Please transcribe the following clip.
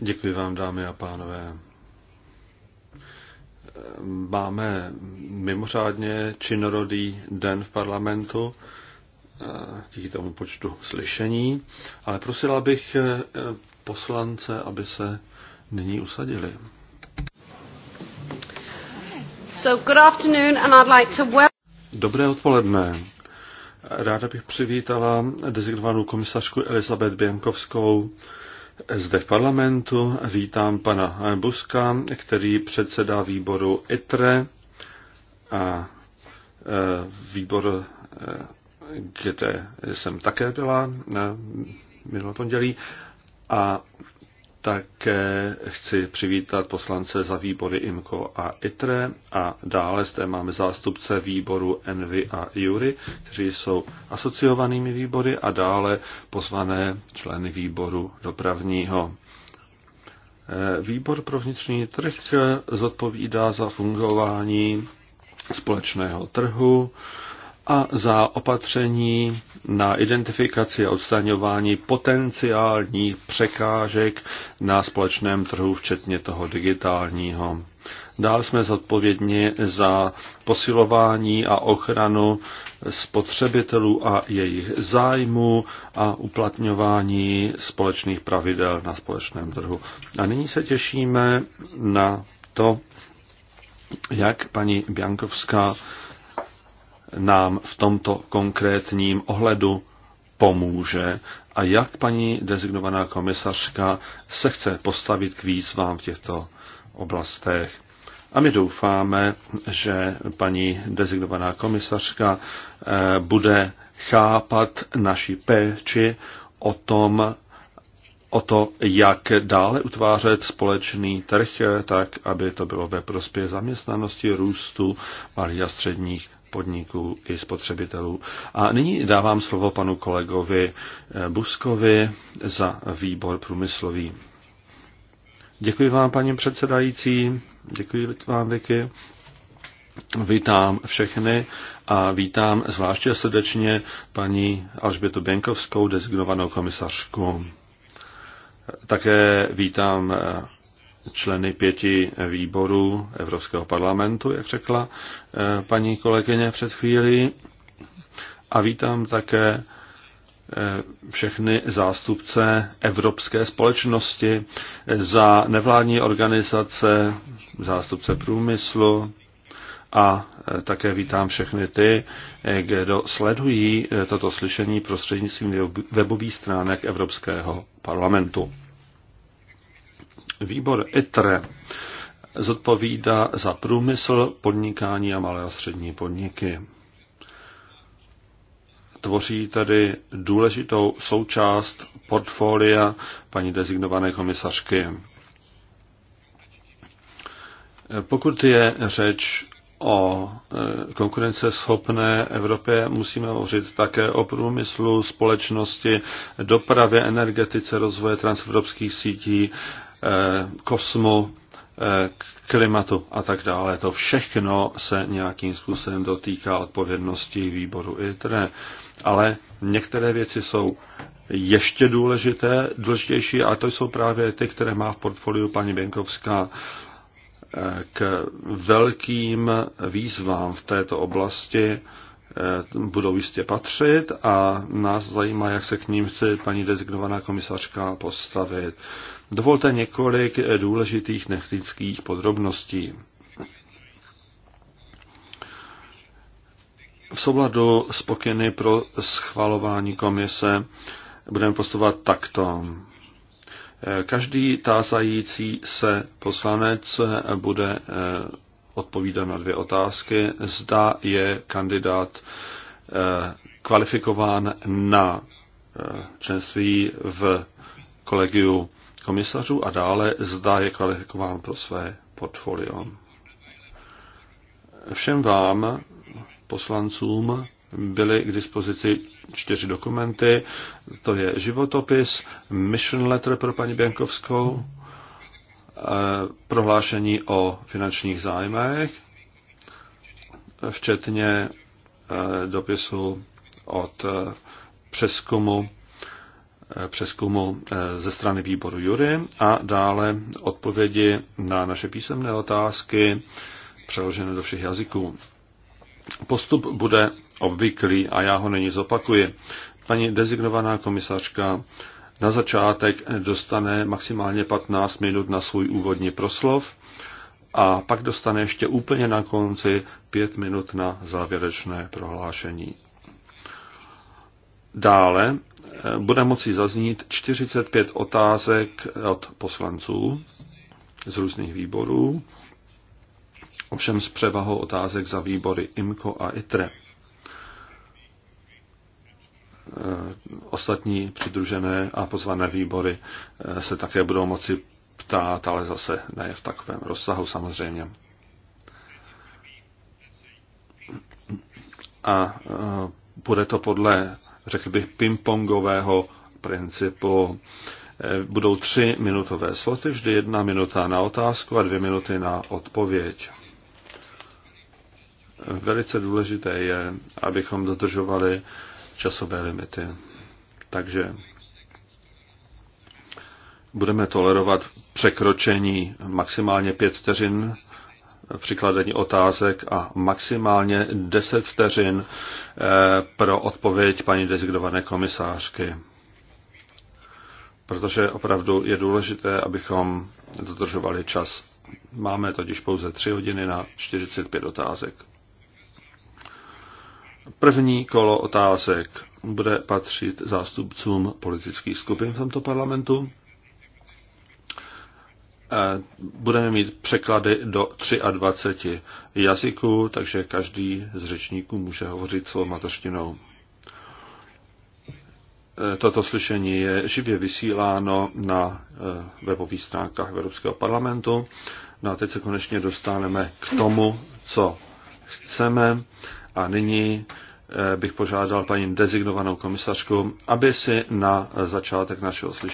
Děkuji vám, dámy a pánové. Máme mimořádně činorodý den v parlamentu díky tomu počtu slyšení, ale prosila bych poslance, aby se nyní usadili. So good afternoon and I'd like to Dobré odpoledne. Ráda bych přivítala designovanou komisařku Elizabeth Běnkovskou zde v parlamentu. Vítám pana Buska, který předsedá výboru ITRE a e, výbor, e, kde jsem také byla e, minulý pondělí. A také chci přivítat poslance za výbory IMCO a ITRE a dále zde máme zástupce výboru ENVY a JURY, kteří jsou asociovanými výbory a dále pozvané členy výboru dopravního. Eh, výbor pro vnitřní trh zodpovídá za fungování společného trhu, a za opatření na identifikaci a odstraňování potenciálních překážek na společném trhu, včetně toho digitálního. Dále jsme zodpovědní za posilování a ochranu spotřebitelů a jejich zájmu a uplatňování společných pravidel na společném trhu. A nyní se těšíme na to, jak paní Biankovská nám v tomto konkrétním ohledu pomůže a jak paní dezignovaná komisařka se chce postavit k výzvám v těchto oblastech. A my doufáme, že paní dezignovaná komisařka eh, bude chápat naši péči o tom, o to, jak dále utvářet společný trh, eh, tak aby to bylo ve prospěch zaměstnanosti, růstu malých a středních podniků i spotřebitelů. A nyní dávám slovo panu kolegovi eh, Buskovi za výbor průmyslový. Děkuji vám, paní předsedající, děkuji vám, Vicky. Vítám všechny a vítám zvláště srdečně paní Alžbětu Běnkovskou designovanou komisařku. Také vítám eh, členy pěti výborů Evropského parlamentu, jak řekla eh, paní kolegyně před chvílí. A vítám také eh, všechny zástupce evropské společnosti za nevládní organizace, zástupce průmyslu, a e, také vítám všechny ty, e, kdo sledují e, toto slyšení prostřednictvím webových stránek Evropského parlamentu. Výbor ITRE zodpovídá za průmysl, podnikání a malé a střední podniky. Tvoří tedy důležitou součást portfolia paní designované komisařky. Pokud je řeč o e, konkurenceschopné Evropě musíme hovořit také o průmyslu, společnosti, dopravě, energetice, rozvoje transevropských sítí, e, kosmu, e, klimatu a tak dále. To všechno se nějakým způsobem dotýká odpovědnosti výboru ITRE. Ale některé věci jsou ještě důležité, důležitější a to jsou právě ty, které má v portfoliu paní Benkovská k velkým výzvám v této oblasti eh, budou jistě patřit a nás zajímá, jak se k ním chce paní dezignovaná komisařka postavit. Dovolte několik důležitých technických podrobností. V souladu s pokyny pro schvalování komise budeme postupovat takto. Každý tázající se poslanec bude eh, odpovídat na dvě otázky. Zda je kandidát eh, kvalifikován na eh, členství v kolegiu komisařů a dále zda je kvalifikován pro své portfolio. Všem vám, poslancům, byly k dispozici čtyři dokumenty. To je životopis, mission letter pro paní Běnkovskou, eh, prohlášení o finančních zájmech, včetně eh, dopisu od eh, přeskumu, přeskumu ze strany výboru Jury a dále odpovědi na naše písemné otázky přeložené do všech jazyků. Postup bude obvyklý a já ho není zopakuji. Paní dezignovaná komisařka na začátek dostane maximálně 15 minut na svůj úvodní proslov a pak dostane ještě úplně na konci 5 minut na závěrečné prohlášení. Dále eh, bude moci zaznít 45 otázek od poslanců z různých výborů, ovšem s převahou otázek za výbory IMCO a ITRE. Eh, ostatní přidružené a pozvané výbory eh, se také budou moci ptát, ale zase ne v takovém rozsahu samozřejmě. A eh, bude to podle, řekl bych, pingpongového principu. Budou tři minutové sloty, vždy jedna minuta na otázku a dvě minuty na odpověď. Velice důležité je, abychom dodržovali časové limity. Takže budeme tolerovat překročení maximálně pět vteřin přikladení otázek a maximálně 10 vteřin eh, pro odpověď paní dezignované komisářky. Protože opravdu je důležité, abychom dodržovali čas. Máme totiž pouze 3 hodiny na 45 otázek. První kolo otázek bude patřit zástupcům politických skupin v tomto parlamentu. E, budeme mít překlady do 23 jazyků, takže každý z řečníků může hovořit svou mateřštinou. E, toto slyšení je živě vysíláno na e, webových stránkách Evropského parlamentu. No a teď se konečně dostaneme k tomu, co chceme. A nyní eh, bych požádal paní dezignovanou komisařku, aby si na začátek našeho slyšení